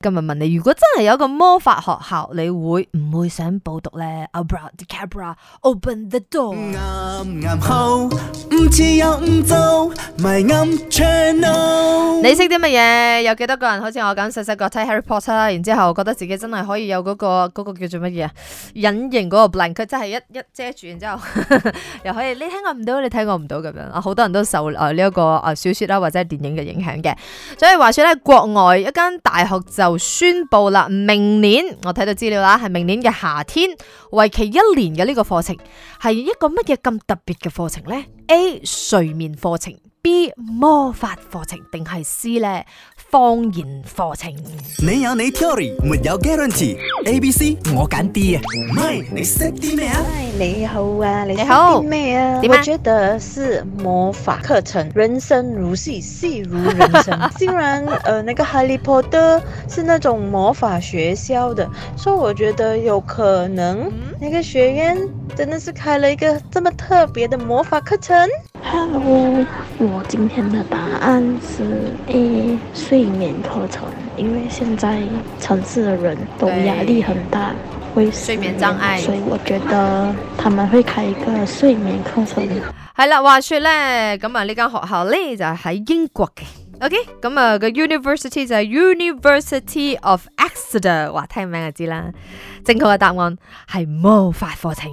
今日問你，如果真係有一個魔法學校，你會唔會想報讀呢？Abracadabra，open the door。你識啲乜嘢？有幾多個人好似我咁細細個睇《Harry Potter》啦？然之後覺得自己真係可以有嗰、嗰個、嗰個叫做乜嘢啊？隱形嗰個 blank，真係一一遮住，然之後 又可以你聽我唔到，你睇我唔到咁樣，好多人都受呢一、呃這個小說啦，或者係電影嘅影響嘅。所以話說咧，國外一間大學就宣布啦，明年我睇到資料啦，係明年嘅夏天，為期一年嘅呢個課程係一個乜嘢咁特別嘅課程呢？a 睡眠課程。B 魔法課程定係 C 咧，方言課程？C，課程你有你 theory 沒有 guarantee。A B C 我揀 D。唔係你識啲咩啊？你好啊，你，er? 你好。咩啊？你們覺得是魔法課程？人生如戲，戲如人生。竟 然誒、呃，那個 Harry Potter 是那種魔法學校的，所以我覺得有可能，那個學院真的是開了一個這麼特別的魔法課程。Hello，我今天的答案是 A 睡眠課程，因為現在城市的人都壓力很大，對會失眠睡眠障礙，所以我覺得他們會開一個睡眠課程。係啦，話說咧，咁啊呢間學校咧就喺、是、英國嘅，OK，咁啊、這個 University 就係 University of Exeter，話聽名就知啦。正確嘅答案係魔法課程。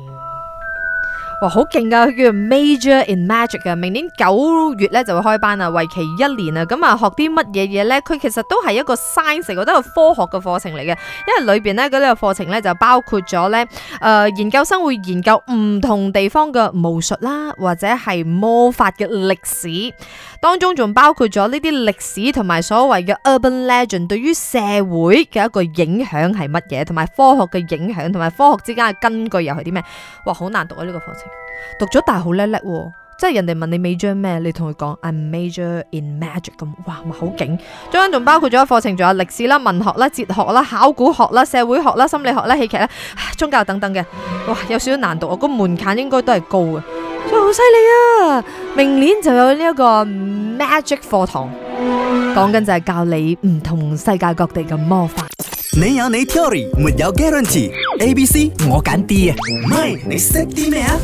好勁噶，佢叫 major in magic 嘅，明年九月咧就會開班啦，為期一年啊。咁啊，學啲乜嘢嘢咧？佢其實都係一個 science，我覺得係一個科學嘅課程嚟嘅，因為裏邊咧嗰呢、呢個課程咧就包括咗咧，誒、呃，研究生會研究唔同地方嘅巫術啦，或者係魔法嘅歷史當中，仲包括咗呢啲歷史同埋所謂嘅 urban legend 對於社會嘅一個影響係乜嘢，同埋科學嘅影響，同埋科學之間嘅根據又係啲咩？哇，好難讀啊呢、呢個課程！讀咗大好叻叻，即係人哋問你 major 咩，你同佢講 I major in magic 咁，哇好勁！中間仲包括咗課程，仲有歷史啦、文學啦、哲學啦、考古學啦、社會學啦、心理學啦、戲劇啦、宗教等等嘅，哇有少少難度，我個門檻應該都係高嘅，哇好犀利啊！明年就有呢一個 magic 課堂，講緊就係教你唔同世界各地嘅魔法。你有你的 theory，沒有 guarantee，A B C 我揀 D 啊，MY 你識啲咩啊？